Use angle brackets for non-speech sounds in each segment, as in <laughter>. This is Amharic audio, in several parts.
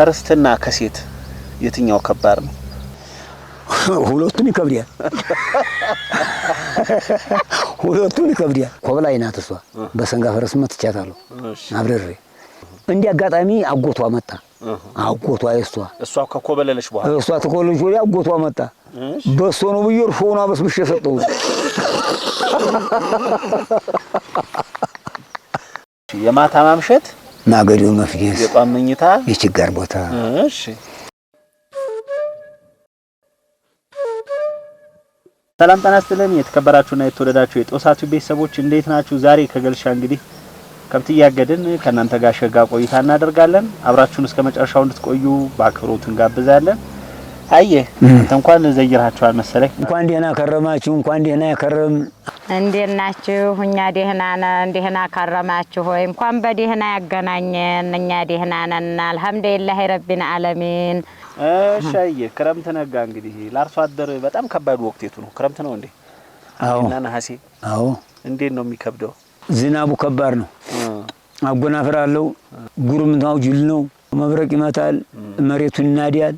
ከርስትና ከሴት የትኛው ከባድ ነው? ሁለቱም ይከብዳል። ሁለቱም ይከብዳል። ኮብላይ ናት እሷ። በሰንጋ ፈረስ መትቻታለሁ አብረሬ። እንዲህ አጋጣሚ አጎቷ መጣ። አጎቷ የእሷ እሷ ከኮበለለች በኋላ እሷ ተኮበለለች ወዲያ አጎቷ መጣ። በሶ ነው ብዬ እርሾውን አበስብሼ ሰጠሁት። የማታ ማምሸት ማገዶ መፍየስ፣ የቋም መኝታ፣ የችጋር ቦታ። እሺ ሰላም ጤና ይስጥልን የተከበራችሁና የተወደዳችሁ የጦሳቱ ቤተሰቦች እንዴት ናችሁ? ዛሬ ከገልሻ እንግዲህ ከብት እያገድን ከእናንተ ጋር ሸጋ ቆይታ እናደርጋለን። አብራችሁን እስከ መጨረሻው እንድትቆዩ በአክብሮት እንጋብዛለን። አየ አንተ እንኳን ዘይራችኋል መሰለኝ። እንኳን ደህና ከረማችሁ፣ እንኳን ደህና ከረም እንዴት ናችሁ? እኛ ደህና ነን። ደህና ከረማችሁ ሆይ? እንኳን በደህና ያገናኘን። እኛ ደህና ነን አልሐምዱሊላህ ረቢን አለሚን። እሻዬ ክረምት ነጋ። እንግዲህ ለአርሶ አደር በጣም ከባድ ወቅቴቱ ነው። ክረምት ነው እንዴ? አዎ። እና ነሐሴ? አዎ። እንዴት ነው የሚከብደው? ዝናቡ ከባድ ነው። አጎናፍር አለው። ጉርምታው ጅል ነው። መብረቅ ይመታል፣ መሬቱ ይናዲያል።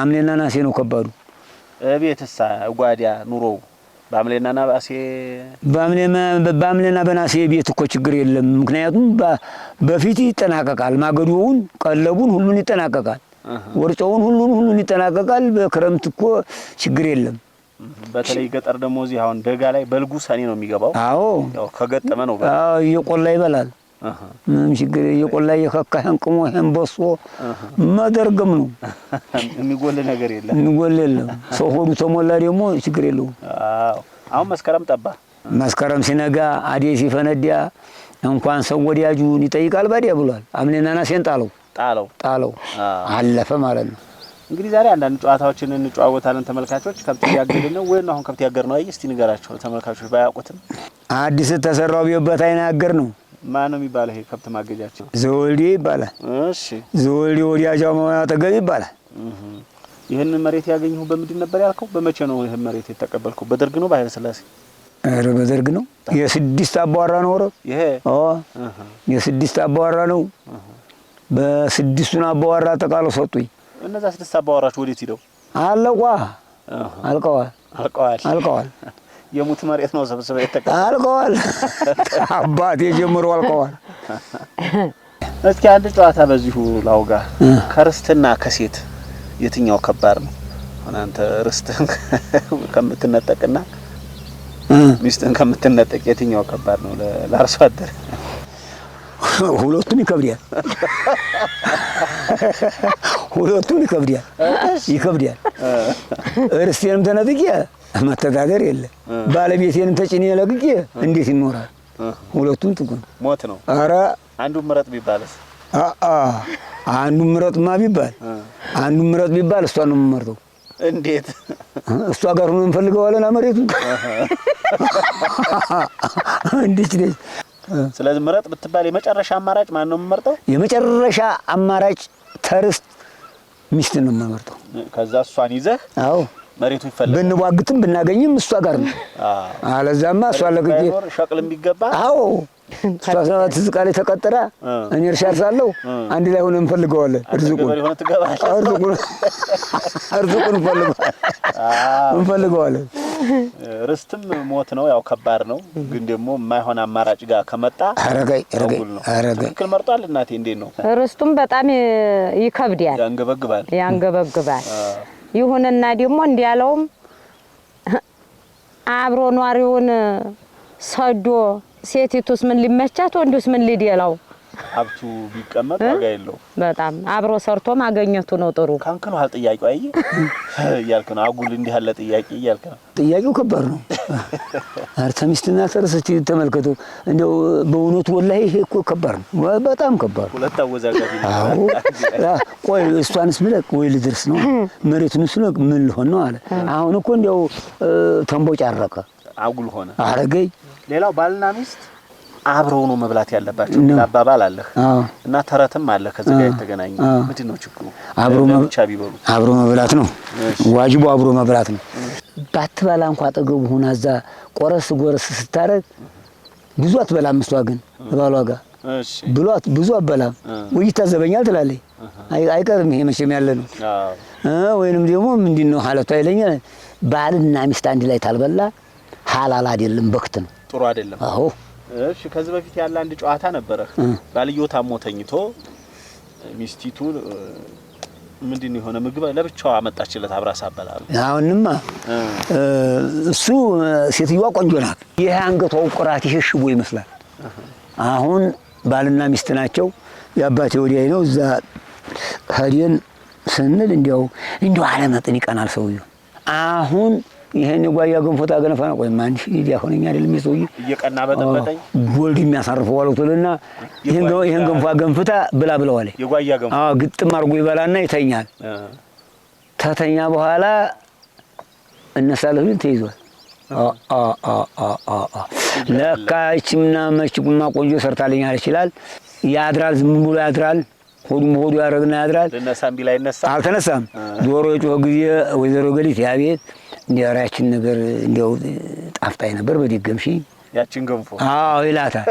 ሐምሌና ነሐሴ ነው ከባዱ። ቤትሳ ጓዳ ኑሮው በአምሌና ናሴ በናሴ ቤት እኮ ችግር የለም። ምክንያቱም በፊት ይጠናቀቃል። ማገዶውን፣ ቀለቡን ሁሉን ይጠናቀቃል። ወርጫውን ሁሉን ሁሉን ይጠናቀቃል። በክረምት እኮ ችግር የለም። በተለይ ገጠር ደግሞ እዚህ አሁን ደጋ ላይ በልጉ ሰኔ ነው የሚገባው። አዎ፣ ከገጠመ ነው። እየቆላ ይበላል። ምንም ችግር የቆላ የከካ ይሄን ቅሞ ይሄን በሶ መደርገም ነው። <laughs> የሚጎል ነገር የለም፣ የሚጎል የለም። ሰው ሆዱ ተሞላ ደግሞ ችግር የለውም። አሁን መስከረም ጠባ። መስከረም ሲነጋ አዴ ሲፈነዳ እንኳን ሰው ወዲያጁን ይጠይቃል ባዲያ ብሏል። አምኔና ናሴን ጣለው ጣለው ጣለው አለፈ ማለት ነው። እንግዲህ ዛሬ አንዳንድ ጨዋታዎችን እንጨዋወታለን። ተመልካቾች ከብት እያገድን ነው ወይም አሁን ከብት ያገር ነው? አይ እስቲ ንገራቸው ተመልካቾች ባያውቁትም አዲስ ተሰራው ቢበት አይናገር ነው ማን ነው የሚባለው? ይሄ ከብት ማገጃቸው ዘወልዴ ይባላል። እሺ ዘወልዴ ወዲያጃው መሆን አጠገብ ይባላል። ይህንን መሬት ያገኘሁ በምንድን ነበር ያልከው? በመቼ ነው ይህን መሬት የተቀበልከው? በደርግ ነው በኃይለ ሥላሴ? ኧረ በደርግ ነው። የስድስት አባወራ ነው ረ ይሄ የስድስት አባወራ ነው። በስድስቱን አባወራ አጠቃለው ሰጡኝ። እነዛ ስድስት አባወራች ወዴት ሂደው አለቋ? አልቀዋል፣ አልቀዋል፣ አልቀዋል። የሙት መሬት ነው ሰብስበ የተቀመጠ አልቀዋል። አባቴ ጀምሮ አልቀዋል። እስኪ አንድ ጨዋታ በዚሁ ላውጋ። ከርስትና ከሴት የትኛው ከባድ ነው? አንተ ርስትን <laughs> ከምትነጠቅና ሚስትህን ከምትነጠቅ የትኛው ከባድ ነው ለአርሶ አደር? ሁለቱም ይከብዳል። ሁለቱም ይከብዳል፣ ይከብዳል። ርስቴንም ተነጥቄ መተዳደር የለ ባለቤቴንም ተጭኔ ለግጌ እንዴት ይኖራል? ሁለቱም ጥቁን ሞት ነው። አረ አንዱ ምረጥ ቢባልስ? አንዱ ምረጥማ ቢባል አንዱ ምረጥ ቢባል እሷን ነው የምመርጠው። እንዴት እሷ ጋር ሆኖ እንፈልገዋለን መሬቱን <laughs> እንዴት ነች? ስለዚህ ምረጥ ብትባል የመጨረሻ አማራጭ ማን ነው የምመርጠው? የመጨረሻ አማራጭ ተርስት ሚስት ነው የምመርጠው። ከዛ እሷን ይዘህ አዎ መሬቱ ይፈልጋል። ብንዋግትም ብናገኝም እሷ ጋር ነው። አለዛማ እሷ ለግጄ ሸቅልም ቢገባ አዎ ሰባ ሰባት ዝቃ ላይ ተቀጥራ እኔ እርሻ አርሳለሁ። አንድ ላይ ሆነ እንፈልገዋለን። እርዝቁን እርዝቁን <laughs> እንፈልገዋለን። ርስትም ሞት ነው። ያው ከባድ ነው፣ ግን ደግሞ የማይሆን አማራጭ ጋር ከመጣ አረጋይ አረጋይ አረጋይ ትክክል መርጧል። እናቴ እንዴት ነው? ርስቱም በጣም ይከብዳል፣ ያንገበግባል ያንገበግባል ይሁንና ደግሞ እንዲያለውም አብሮ ኗሪውን ሰዶ ሴቲቱስ ምን ሊመቻት ወንዱስ ምን ሊደላው ሀብቱ ቢቀመጥ ዋጋ የለው። በጣም አብሮ ሰርቶ ማገኘቱ ነው ጥሩ። ካንክ ነው ጥያቄው። አይ እያልክ ነው አጉል እንዲህ ያለ ጥያቄ እያልክ ነው። ጥያቄው ከባድ ነው። አርተሚስትና አክተርስ እስቲ ተመልከቱ። እንደው በእውነቱ ወላሂ ይሄ እኮ ከባድ ነው፣ በጣም ከባድ ሁለት አወዛጋቢ ነው። ቆይ እሷንስ ብለህ ወይ ልድርስ ነው መሬቱን ስለቅ ምን ልሆን ነው አለ። አሁን እኮ እንደው ተንቦጫረቀ አጉል ሆነ አረገኝ። ሌላው ባልና ሚስት አብረው ነው መብላት ያለባቸው አባባል አለህ እና ተረትም አለ። ከዚህ ጋር የተገናኘ ምንድን ነው ችግሩ? አብሮ መብላት ነው ዋጅቡ፣ አብሮ መብላት ነው። ባትበላ እንኳ አጠገቡ ሆና እዛ ቆረስ ጎረስ ስታደርግ ብዙ አትበላም። ምስቷ ግን ባሏ ጋር ብሏት ብዙ አትበላም። ውይ ታዘበኛል ትላለች። አይቀርም ይሄ መቼም ያለ ነው። ወይንም ደግሞ ምንድን ነው ሀለቷ ይለኛል። ባልና ሚስት አንድ ላይ ታልበላ ሀላል አይደለም፣ በክት ነው። ጥሩ አይደለም። እሺ ከዚህ በፊት ያለ አንድ ጨዋታ ነበረ። ባልዮ ታሞ ተኝቶ ሚስቲቱ ምንድን የሆነ ምግብ ለብቻዋ አመጣችለት አብራ ሳበላ። አሁንማ እሱ ሴትዮዋ ቆንጆ ናት። ይህ አንገቷ ቁራት ይሄ ሽቦ ይመስላል። አሁን ባልና ሚስት ናቸው። የአባቴ ወዲያይ ነው። እዛ ሀዲን ስንል እንዲያው እንዲያው አለመጠን ይቀናል ሰውዬው አሁን ይሄን ጓያ ገንፎ ታገነፋ ነው። ቆይማ አንቺ ዲያሆነኛ አይደለም የሰውዬ እየቀና በጠበጠኝ ጎልድ የሚያሳርፈው አለውቶልና ይሄን ገንፎ ገንፍታ ብላ ብለዋል። የጓያ ገንፎ አዎ፣ ግጥም አድርጎ ይበላና ይተኛል። ተተኛ በኋላ እነሳለሁ ልን ተይዟል። ለካች ምናምን መች ቁማ ቆንጆ ሰርታለኛል ይችላል። ያድራል፣ ዝም ብሎ ያድራል። ሆዱ ሆዱ ያደረግና ያድራል። አልተነሳም። ዶሮ የጮኸ ጊዜ ወይዘሮ ገሊት ያቤት እንዲያው ያችን ነገር እንዲያው ጣፍጣኝ ነበር በድገምሽ ያችን ገንፎ አዎ ይላታል።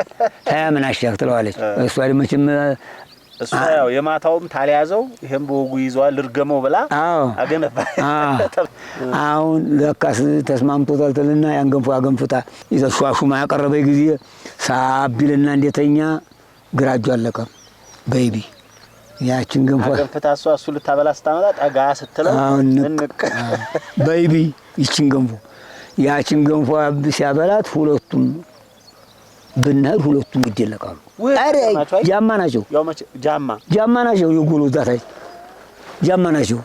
ምን ያክ ትለዋለች። እሷ ድመችም እሷ ያው የማታውም ታልያዘው ይሄን በወጉ ይዘዋል እርገመው ብላ አገነፋ። አሁን ለካስ ተስማምቶታል ትልና ያን ገንፎ አገንፍታ ይዘው ሹማ ያቀረበ ጊዜ ሳቢልና እንደተኛ ግራጁ አለቀ በይቢ ያችን ገንፎ አገንፍታ እሷ እሱ ልታበላ ስታመጣ ጠጋ ስትለው እንቅ በይቢ ይችን ገንፎ ያችን ገንፎ ሲያበላት ሁለቱም ብንሄድ ሁለቱም ግድ ይለቃሉ። አረ ጃማ ናቸው፣ ጃማ ናቸው፣ የጎሎ ዛታች ጃማ ናቸው።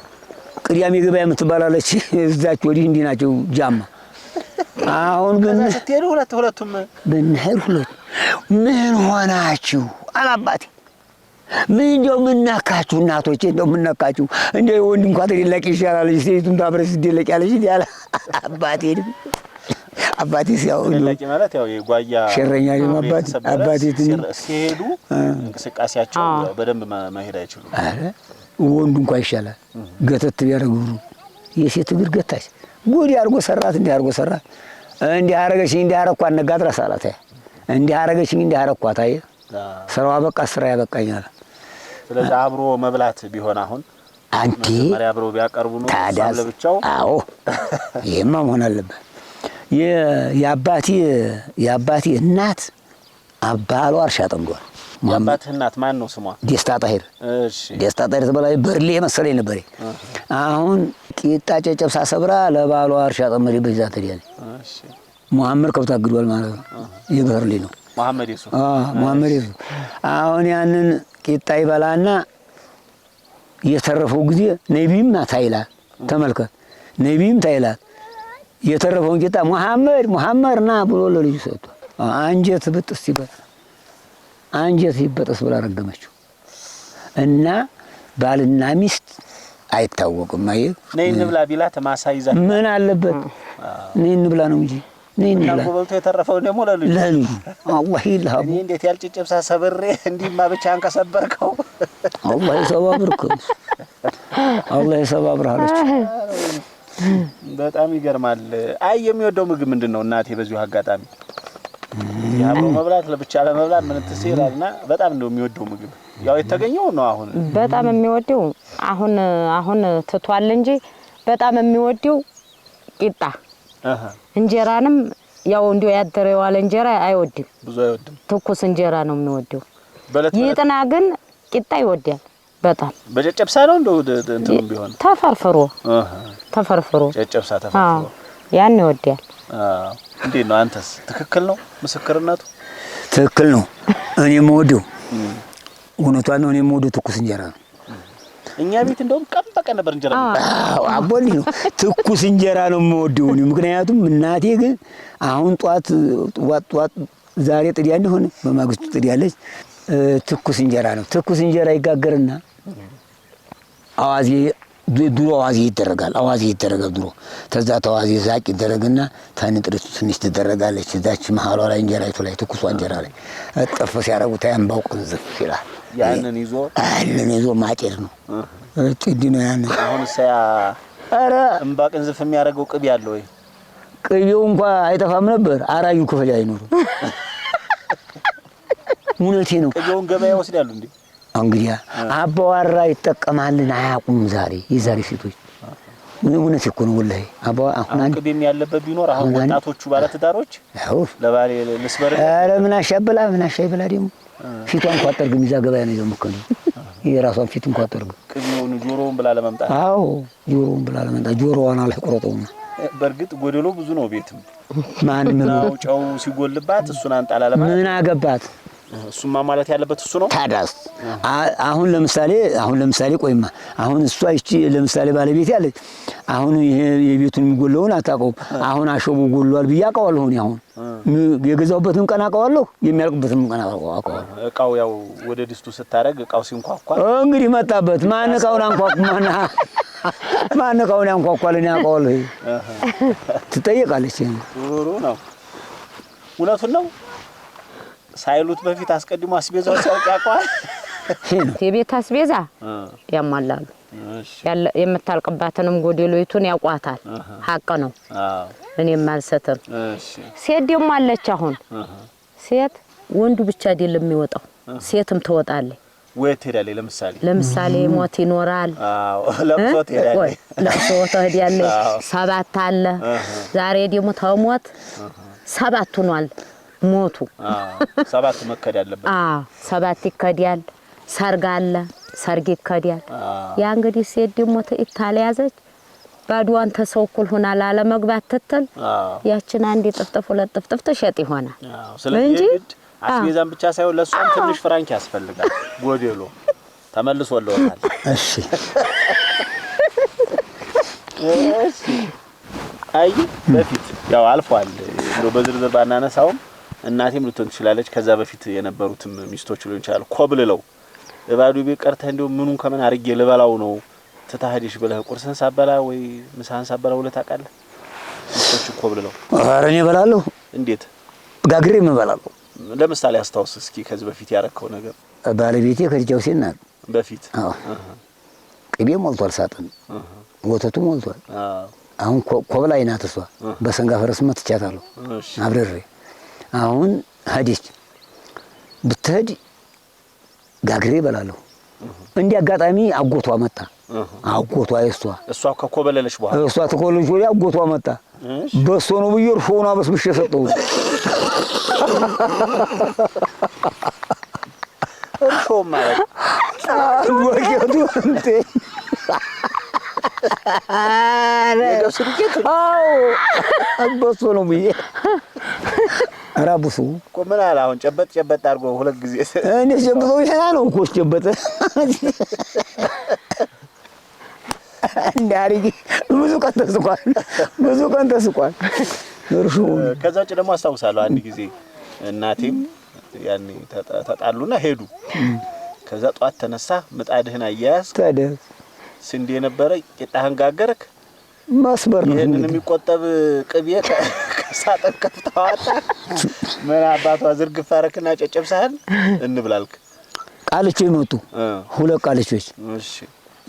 ቅዳሜ ገበያ የምትባላለች <laughs> እዛች ወዲህ እንዲህ ናቸው ጃማ። አሁን ግን ሁለቱም ብንሄድ ሁለቱም ምን ሆናችሁ አላባቴ ምን እንደው የምናካችሁ እናቶቼ፣ እንደው የምናካችሁ እንደ ወንድ እንኳ ተደላቂ ይሻላል ሴቱን ታብረስ ደለቅ ያለች ያለ አባቴ ድ አባቴ ሲያው ማለት ሸረኛ አባቴ አባቴ ሲሄዱ እንቅስቃሴያቸው በደንብ መሄድ አይችሉም። ወንዱ እንኳ ይሻላል ገተት ቢያደርግ ብሩ የሴት እግር ገታች ጎድ አድርጎ ሰራት፣ እንዲህ አድርጎ ሰራት፣ እንዲህ አረገችኝ፣ እንዲህ አረኳት፣ ነጋድራስ አላት። እንዲህ አረገችኝ፣ እንዲህ አረኳት። አየህ ስራዋ በቃ ስራ ያበቃኛል ስለዚህ አብሮ መብላት ቢሆን አሁን አንቲ አብሮ ቢያቀርቡ ነው ታዲያ ለብቻው። አዎ ይሄማ መሆን አለበት። የአባቴ የአባቴ እናት አባሏ እርሻ ጠምዷል። የአባትህ እናት ማን ነው ስሟ? ደስታ ጣሄር። ደስታ ጣሄር ትበላ በርሌ መሰለኝ ነበር። አሁን ቂጣ ጨጨብሳ ሰብራ ለባሏ እርሻ ጠመደበት። ዛ ተዲያ ሙሐመድ ከብት አግዷል ማለት ነው። ይህ በርሌ ነው መሐመድ ዩሱፍ አሁን ያንን ቂጣ ይበላና የተረፈው ጊዜ ነቢይም ታይላል። ተመልከት፣ ነቢይም ታይላል። የተረፈውን ቂጣ መሐመድ መሐመድ ና ብሎ ለልጁ ሰጥቷል። አንጀት ብጥስ ይበል አንጀት ይበጥስ ብላ ረገመችው እና ባልና ሚስት አይታወቅም። አየህ ነይ እንብላ ቢላት ማሳይዛ ምን አለበት? ነይ እንብላ ነው እንጂ በልቶ የተረፈው ደግሞ ለልጁ ለልጁ አላህ ይልሃ። እኔ እንዴት ያልጭጭብሳ ሰብሬ እንዲህማ ብቻህን ከሰበርከው አላህ የሰባብርክ አላህ የሰባብር አለች። በጣም ይገርማል። አይ የሚወደው ምግብ ምንድን ነው እናቴ? በዚሁ አጋጣሚ አብሮ መብላት ለብቻ ለመብላት ምን ትስይላልና በጣም ነው የሚወደው ምግብ ያው የተገኘው ነው። አሁን በጣም የሚወደው አሁን አሁን ትቷል እንጂ በጣም የሚወደው ቂጣ እንጀራንም ያው እንዲሁ ያደረ የዋለ እንጀራ አይወድም፣ ብዙ አይወድም። ትኩስ እንጀራ ነው የሚወደው። ይጥና ግን ቂጣ ይወዳል በጣም። በጨጨብሳ ነው እንደው እንትም ቢሆን ተፈርፍሮ ተፈርፍሮ ጨጨብሳ ተፈርፍሮ ያን ይወዳል። አዎ። እንዴት ነው አንተስ? ትክክል ነው ምስክርነቱ? ትክክል ነው። እኔ የምወደው እውነቷን ነው። እኔ የምወደው ትኩስ እንጀራ ነው። እኛ ቤት እንደውም ቀን በቀን ነበር እንጀራ። አዎ አቦልኝ ነው ትኩስ እንጀራ ነው የምወደው። ምክንያቱም እናቴ ግን አሁን ጧት ጧት ጧት ዛሬ ጥዲያ እንደሆነ በማግስቱ ጥዲያለች። ትኩስ እንጀራ ነው። ትኩስ እንጀራ ይጋገርና አዋዜ ድሮ አዋዜ ይደረጋል። አዋዜ ይደረገ ድሮ። ተዛ ተዋዜ ዛቅ ይደረግና ታንጥሪቱ ትንሽ ትደረጋለች። እዛች መሀሏ ላይ እንጀራይቱ ላይ ትኩሷ እንጀራ ላይ እጥፍ ሲያደርጉት ያንባው ቅንዝፍ ይላል። ያንን ይዞ ያንን ይዞ ማጤድ ነው። ጭድ ነው ያንን። አሁን ሳያ ኧረ እምባ ቅንዝፍ የሚያደርገው ቅቤ አለ ወይ? ቅቤው እንኳ አይጠፋም ነበር። አራዩ ክፍል አይኖርም። <laughs> እውነቴ ነው። ቅቤውን ገበያ ወስዳሉ እንዴ? እንግዲህ አባዋራ ይጠቀማልን አያውቁም። ዛሬ የዛሬ ሴቶች ምን እውነት እኮ ነው ወላሂ። አባዋ አሁን አንድ ቅቤም ያለበት ቢኖር አሁን ወጣቶቹ ባለትዳሮች አው ለባሌ ልስበር አረ ምን አሻብላ ምን አሻይብላ ደግሞ ፊቷን እንኳን አጠርግም። ይዛ ገበያ ነው የምከኑ የራሷን ፊት እንኳን አጠርግም። ቅቤውን ጆሮውን ብላ ለመምጣት አው ጆሮውን ብላ ለመምጣት ጆሮዋን አላህ ቆረጠውና በእርግጥ ጎደሎ ብዙ ነው። ቤትም ማን ነው ጨው ሲጎልባት እሱን አንጣላ ለማለት ምን አገባት እሱማ ማለት ያለበት እሱ ነው። ታዳስ አሁን ለምሳሌ አሁን ለምሳሌ ቆይማ አሁን እሷ እቺ ለምሳሌ ባለቤት ያለች አሁን ይሄ የቤቱን የሚጎለውን አታውቀውም። አሁን አሸቡ ጎሏል ብዬ አውቀዋለሁ። አሁን የገዛውበትን ቀን አውቀዋለሁ፣ የሚያልቅበትን ቀን አውቀዋለሁ። እቃው ያው ወደ ድስቱ ስታረግ እቃው ሲንኳኳ እንግዲህ መጣበት። ማን እቃውን አንኳኩ ማን ማን እቃውን ያንኳኳል? እኔ አውቀዋለሁ። ትጠየቃለች። ነው፣ እውነቱን ነው ሳይሉት በፊት አስቀድሞ አስቤዛው ሲያውቅ ያውቀዋል። የቤት አስቤዛ ያሟላሉ። የምታልቅባትንም ጎደሎይቱን ያውቋታል። ሀቅ ነው። እኔም አልሰትም። ሴት ደግሞ አለች። አሁን ሴት ወንዱ ብቻ አይደለም የሚወጣው፣ ሴትም ትወጣለች። ወይ ትሄዳለች። ለምሳሌ ለምሳሌ ሞት ይኖራል። አዎ ለቅሶ ትሄዳለች። ሰባት አለ። ዛሬ ደግሞ ተሞት ሰባት ሆኗል። ሞቱ። ሰባት መከድ አለበት። ሰባት ይከዳል። ሰርግ አለ፣ ሰርግ ይከዳል። ያ እንግዲህ ሴት ደግሞ ታልያዘች ባዶዋን ተሰውኩል ሆና ላለመግባት ትትል ያችን አንድ ጥፍጥፍ ሁለት ጥፍጥፍ ትሸጥ ይሆናል እንጂ አስቤዛም ብቻ ሳይሆን ለእሷም ትንሽ ፍራንክ ያስፈልጋል። ጎዴሎ ተመልሶልዎታል። እሺ አይ በፊት ያው አልፏል፣ እንደው በዝርዝር ባናነሳውም እናቴም ልትሆን ትችላለች። ከዛ በፊት የነበሩትም ሚስቶች ሊሆን ይችላል። ኮብልለው እባዱ ቤት ቀርተህ እንዲሁ ምኑን ከምን አርጌ ልበላው ነው ትታህዲሽ ብለህ ቁርስን ሳበላ ወይ ምሳህን ሳበላ ውለህ ታውቃለህ? ሚስቶች ኮብልለው። ኧረ እኔ እበላለሁ። እንዴት ጋግሬ ምን እበላለሁ። ለምሳሌ አስታውስ እስኪ ከዚህ በፊት ያረከው ነገር። ባለቤቴ ከድጃው ሲናል በፊት ቅቤ ሞልቷል፣ ሳጥን ወተቱ ሞልቷል። አሁን ኮብላይ ናት እሷ። በሰንጋ ፈረስ መትቻታለሁ አብረሬ አሁን ሀዲስ ብትሄድ ጋግሬ እበላለሁ። እንዲህ አጋጣሚ አጎቷ መጣ። አጎቷ የእሷ እሷ ከኮበለለች በኋላ እሷ ተኮለች ወዲያ አጎቷ መጣ። በሶ ነው ብዬ እርሾውን አበስብሼ ሰጠሁት። እርሾ ማለት ወቄቱ እንዴ የገብስ ዱቄት አጎሶ ነው ብዬ ራቡሱ እኮ ምን አለ አሁን ጨበጥ ጨበጥ አድርጎ ሁለት ጊዜ እኔ ጨብጠው ይሄና ነው እኮ ጨበጠ እንዳሪጊ ብዙ ቀን ተስቋል። ብዙ ቀን ተስቋል። እርሹ ከዛ ውጭ ደግሞ አስታውሳለሁ አንድ ጊዜ እናቴም ያኔ ተጣሉና ሄዱ። ከዛ ጧት ተነሳ ምጣድህን አያያዝ ስንዴ ነበረ። ቂጣህን ጋገርክ። ማስበር ነው ይህንን የሚቆጠብ ቅቤ ከሳጥን ከፍተዋል። ምን አባቷ ዝርግፍ ጨጨብ ጨጨብሳህን እንብላልክ። ቃልቾ ይመጡ ሁለት ቃልቾች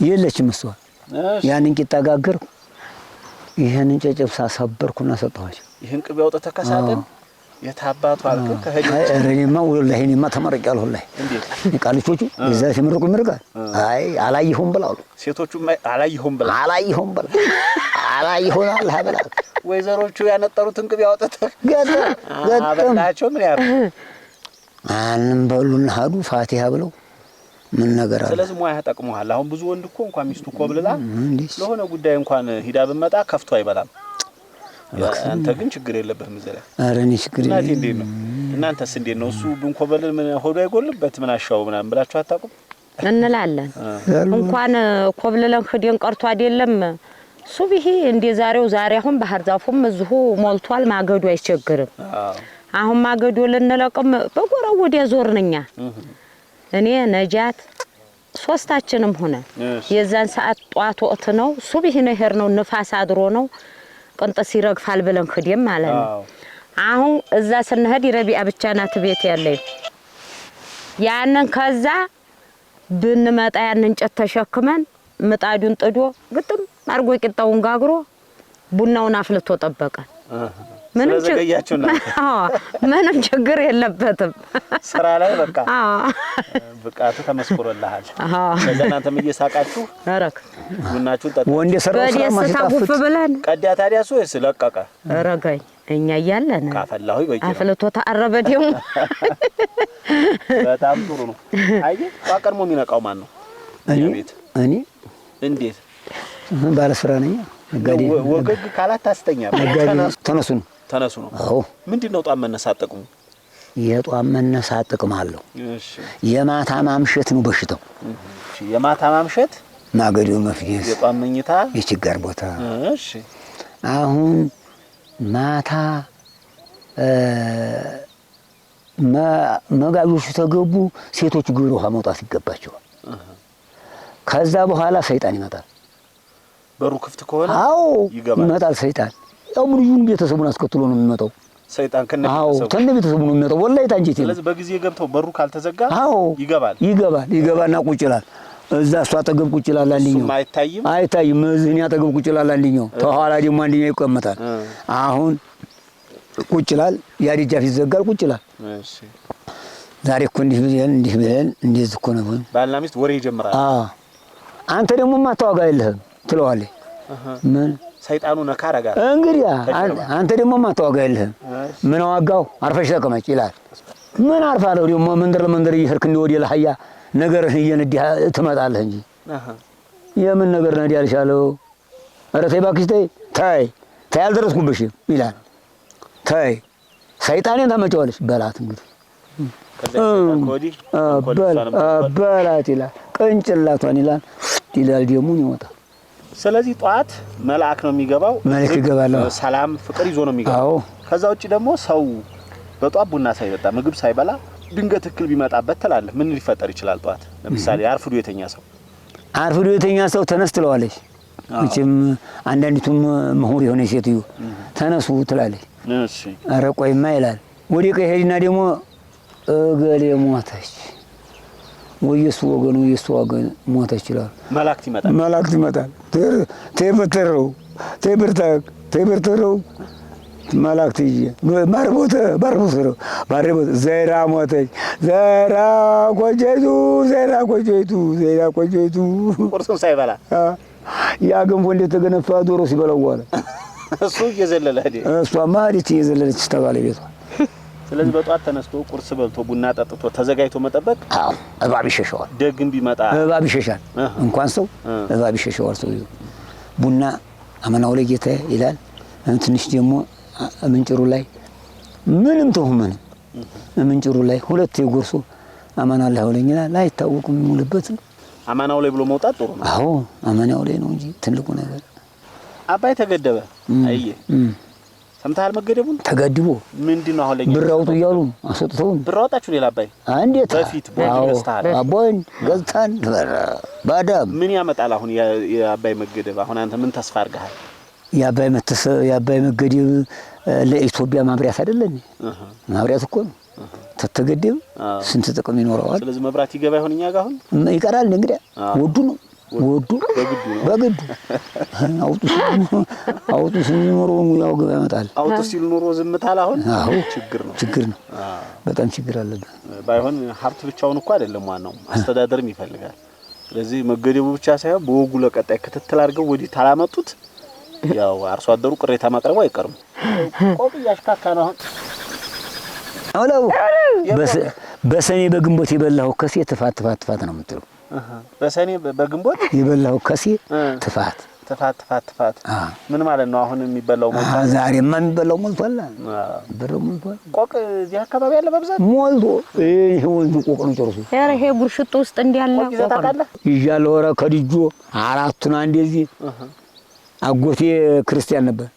የለችም እሷ። ያንን ቂጣ ጋገርኩ፣ ይህንን ጨጨብሳ ሳበርኩና ሰጠኋቸው። ይህን ቅቤ አውጥተህ ከሳጥን የታባቱ አልክ ከሄደ እኔማ ወላሂ እኔማ ቃልቾቹ እዛ ሲመርቁ ይመርቃል። አይ አላየሁም ብላሉ ሴቶቹ አላየሁም ብላ አላየሁም ብላ አላየሁም አለ ብላ ወይዘሮቹ ያነጠሩትን ቅቤ አውጥተህ ገጠ ምን ያሩ አንም በሉና ሀዱ ፋቲሃ ብለው ምን ነገር አለ። ስለዚህ ሙያ ጠቅሞሃል። አሁን ብዙ ወንድ እኮ እንኳን ሚስቱ ኮብልላ ለሆነ ጉዳይ እንኳን ሂዳ ብመጣ ከፍቶ አይበላም። አንተ ግን ችግር የለበትም እዚህ ላይ። ኧረ እኔ ችግር እናቴ እንዴት ነው? እናንተስ እንዴት ነው? እሱ ብንኮበል ምን ሆዶ አይጎልበት ምን አሻው ምናምን ብላችሁ አታውቁም እንላለን። እንኳን ኮብልለን ክዴን ቀርቶ አይደለም እሱ ሱብሂ እንደ ዛሬው ዛሬ አሁን ባህር ዛፉም እዚሁ ሞልቷል። ማገዱ አይቸግርም። አሁን ማገዱ ልንለቅም በጎረው ወዲያ ዞርንኛ እኔ ነጃት ሶስታችንም ሆነ የዛን ሰዓት ጧት ወቅት ነው። ሱብሂ ነው ሄር ነው ንፋስ አድሮ ነው ቆንጠስ ይረግፋል ብለን ክድም ማለት ነው። አሁን እዛ ስንሄድ ረቢያ ብቻ ናት ቤት ያለኝ። ያንን ከዛ ብንመጣ ያን እንጨት ተሸክመን ምጣዱን ጥዶ ግጥም አርጎ ቂጣውን ጋግሮ ቡናውን አፍልቶ ጠበቀን። ምንም ምንም ችግር የለበትም። ስራ ላይ በቃ ብቃቱ ተመስክሮልሃል። እናንተም እየሳቃችሁ ቡናችሁን ጠጣ ወንዴ የሰራው ስራ ብለን ቀዳ ታዲያ እሱ ወይስ ለቀቀ ረገኝ እኛ እያለን ካፈላሁ ይበቂ አፍልቶ ተአረበ ደግሞ በጣም ጥሩ ነው። አየህ ቀድሞ የሚነቃው ማን ነው? ቤት እኔ እንዴት ባለስራ ነኝ። ወገግ ካላት ታስተኛ ተነሱን ተነሱ ነው። አዎ ምንድን ነው ጧም መነሳት ጥቅሙ? የጧም መነሳት ጥቅም አለው። የማታ ማምሸት ነው በሽተው የማታ ማምሸት ማገዶ መፍየስ፣ የጧም መኝታ የችጋር ቦታ። እሺ አሁን ማታ መጋዦቹ ተገቡ፣ ሴቶች ግብረ ውሃ መውጣት ይገባቸዋል። ከዛ በኋላ ሰይጣን ይመጣል። በሩ ክፍት ከሆነ አዎ ይመጣል ሰይጣን ያው ምን ይሁን ቤተሰቡን አስከትሎ ነው የሚመጣው። ሰይጣን ከነ ቤተሰቡ ከነ ነው የሚመጣው። ወላይ ታንጂ ይችላል። ስለዚህ በጊዜ ገብተው በሩ ካልተዘጋ ይገባል ይገባል ይገባና ቁጭ ይላል። እዛ እሱ አጠገብ ቁጭ ይላል አንደኛው፣ አይታይም አይታይም። እዚህ እኔ አጠገብ ቁጭ ይላል አንደኛው፣ ተኋላ ደግሞ አንደኛው ይቀመጣል። አሁን ቁጭ ይላል፣ ያዲጃ ደጃፍ ይዘጋል፣ ቁጭ ይላል። እሺ ዛሬ እኮ እንዲህ ብለን እንዲህ ብለን እንደዚህ እኮ ነው ብለን ባልና ሚስት ወሬ ይጀምራል። አዎ አንተ ደግሞ ማታዋጋ የለህም ትለዋለህ ምን ሰይጣኑ ነካ ረጋ እንግዲህ አንተ ደግሞ ማታወጋ የለህም። ምን ዋጋው አርፈሽ ተቀመጭ ይላል። ምን አርፋለሁ ደግሞ መንደር ለመንደር እየሄድክ እንዲህ ወዲህ ለሀያ ነገርህ እየነዲህ ትመጣለህ እንጂ የምን ነገር ነዲ አልሻለሁ። ኧረ ተይ እባክሽ ተይ ተይ ተይ አልደረስኩብሽም ይላል። ተይ ሰይጣኔን ታመጫዋለሽ በላት እንግዲህ በላት ይላል። ቅንጭላቷን ይላል ይላል ደግሞ ይወጣል ስለዚህ ጠዋት መልአክ ነው የሚገባው። መልአክ ይገባል። ሰላም ፍቅር ይዞ ነው የሚገባው። ከዛ ውጭ ደግሞ ሰው በጧት ቡና ሳይጠጣ ምግብ ሳይበላ ድንገት እክል ቢመጣበት ትላለ ምን ሊፈጠር ይችላል? ጠዋት ለምሳሌ አርፍዶ የተኛ ሰው አርፍዶ የተኛ ሰው ተነስ ትለዋለች። መቼም አንዳንዲቱም ምሁር የሆነ ሴትዮ ተነሱ ትላለች። እሺ ኧረ ቆይማ ይላል። ወዲህ ቀይ ሄድና ደግሞ እገሌ ሞተች ወየሱ ወገን ወየሱ ወገን ሞተ ይችላል። መላእክት ይመጣል መላእክት ይመጣል። ቴብርተረው ቴብርታክ ቴብርተረው መላእክት ይዤ ባርቦተ ባርቦተረው ባርቦተ ዘይራ ሞተች ዘራ ቆጨቱ ዘራ ቆጨቱ ዘራ ቆጨቱ ቁርሱን ሳይበላ ያ ገንፎ እንደተገነፋ ዶሮ ሲበላው ዋለ። እሱ እየዘለለ እሷ ማዲት እየዘለለች ተባለ ቤቷ ስለዚህ በጧት ተነስቶ ቁርስ በልቶ ቡና ጠጥቶ ተዘጋጅቶ መጠበቅ። አዎ እባብ ይሸሸዋል። ደግም ቢመጣ እባብ ይሸሻል። እንኳን ሰው እባብ ይሸሸዋል። ሰው ቡና አመናው ላይ ጌታ ይላል። ትንሽ ደግሞ ምንጭሩ ላይ ምንም ተው ምንም ምንጭሩ ላይ ሁለት የጎርሶ አመና ላይ ሆለኛ ላይ አይታወቅም የሚውልበት ነው። አመናው ላይ ብሎ መውጣት ጥሩ ነው። አዎ አመናው ላይ ነው እንጂ ትልቁ ነገር አባይ ተገደበ አይ ሰምተሃል? መገደቡን ተገድቦ ምንድን ነው አሁን ብር አውጡ እያሉ አሰጥተውን ብር አወጣችሁ። ሌላ አባይ እንዴት በፊት ቦይን ገዝተን ባዳም ምን ያመጣል? አሁን የአባይ መገደብ አሁን አንተ ምን ተስፋ አድርገሃል? የአባይ መገደብ ለኢትዮጵያ ማብሪያት አይደለን? ማብሪያት እኮ ነው። ተተገደብ ስንት ጥቅም ይኖረዋል። ስለዚህ መብራት ይገባ ይሆን እኛ ጋር አሁን ይቀራል። እንግዲህ ወዱ ነው ወዱ በግዱ አውጡ ሲሉ ኖሮ ያው ግብ ያመጣል። አውጡ ሲሉ ኖሮ ዝምታል። አሁን አዎ፣ ችግር ነው፣ ችግር ነው፣ በጣም ችግር አለብን። ባይሆን ሀብት ብቻውን እኮ አይደለም፣ ዋናው አስተዳደርም ይፈልጋል። ስለዚህ መገደቡ ብቻ ሳይሆን በወጉ ለቀጣይ ክትትል አድርገው ወዲህ ታላመጡት ያው አርሶ አደሩ ቅሬታ ማቅረቡ አይቀርም። ቆብ እያሽካካ ነው አሁን በሰኔ በግንቦት የበላሁ ከሴ ትፋት ትፋት ትፋት ነው የምትለው በሰኔ በግንቦት የበላው ከሴ ትፋት ትፋት ትፋት ትፋት ምን ማለት ነው? አሁን የሚበላው ሞልቷል። የሚበላው ሞልቷል። ሞልቷል። ቆቅ እዚህ አካባቢ በብዛት ሞልቶ ይሄ ወንዙ ቆቅ ነው ጨርሶ። ኧረ ይሄ ጉርሽጡ ውስጥ እንዲያለ ቆቅ ይዣለሁ። ኧረ ከድጆ አራቱን አጎቴ ክርስቲያን ነበር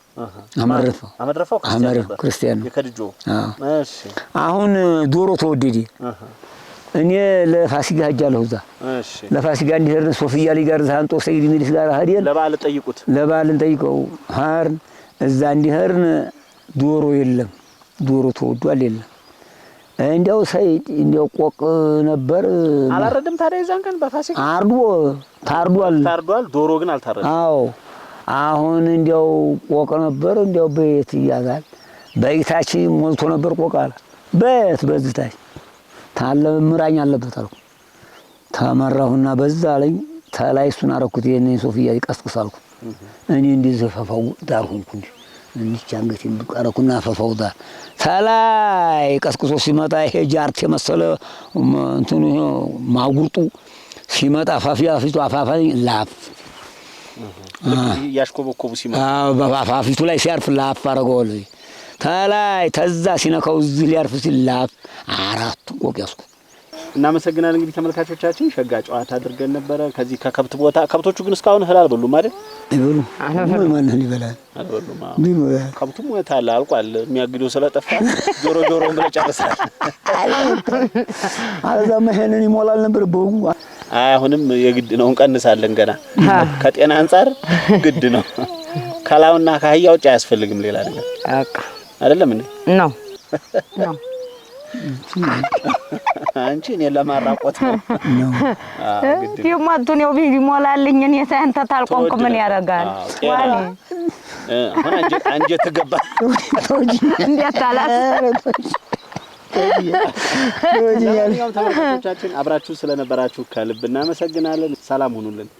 አመረፈው አመረፈው ክርስቲያን አሁን ዶሮ ተወደዴ። እኔ ለፋሲካ ሄጃለሁ። እዛ ለፋሲካ እንዲሄድን ሶፍያ ሊ ጋር ዛንጦ ሰይድ ሚልስ ጋር ሄደን ለባል ጠይቁት ለባል ጠይቀው ሀርን እዛ እንዲሄድን ዶሮ የለም ዶሮ ተወዷል። የለም እንዲያው ሰይድ እንዲያው ቆቅ ነበር አላረድም። ታዲያ የዛን ቀን በፋሲካ አርዶ ታርዷል፣ ታርዷል። ዶሮ ግን አልታረደም። አዎ አሁን እንዲያው ቆቅ ነበር እንዲያው በየት ይያዛል። በይታችን ሞልቶ ነበር ቆቅ አለ በየት በዝታች ታለም ምራኝ አለበት አልኩ። ተመራሁና በዛ ላይ ተላይ እሱን አረኩት። ይሄን ሶፊያ ይቀስቅስ አልኩ። እኔ እንዲህ ዘፈፋው ዳር ሆንኩ። እንዲህ እንዲህ አንገቴን ብቅ አረኩና ፈፋው ዳር ተላይ ቀስቅሶ ሲመጣ ይሄ ጃርት የመሰለ እንትኑ ማጉርጡ ሲመጣ ፋፊ ፊቱ አፋፋኝ ላፍ ያሽኮበኮቡ ሲመጣ በአፋፊቱ ላይ ሲያርፍ ላፍ አረገዋለሁ። ተላይ ተዛ ሲነካው እዚህ ሊያርፍ ሲላፍ አራቱ ቆቅ ያስኩ። እናመሰግናል። እንግዲህ ተመልካቾቻችን ሸጋ ጨዋታ አድርገን ነበረ። ከዚህ ከከብት ቦታ ከብቶቹ ግን እስካሁን እህል አልበሉም አይደል? ይበሉ ማን ይበላል? አልበሉም። ከብቱም ታላ አልቋል። የሚያግደው ስለጠፋ ጆሮ ጆሮ ብለ ጨርሳል። <laughs> አለዛማ ይሄንን ይሞላል ነበር በጉ አሁንም የግድ ነው እንቀንሳለን። ገና ከጤና አንጻር ግድ ነው። ከላውና ከአህያ ውጭ አያስፈልግም ሌላ ነገር አይደለም እንዴ? ነው <laughs> ነው። አንቺ እኔን ለማራቆት ነው ፊማ ዱንያው ቢሞላልኝ እኔ ሳንተ ታልቆምኩ ምን ያደርጋል? አንጀ አሁን አንጀት ገባ እንዴት አላስ ለማንኛውም ተመልካቾቻችን አብራችሁ ስለነበራችሁ ከልብ እናመሰግናለን። ሰላም ሁኑልን።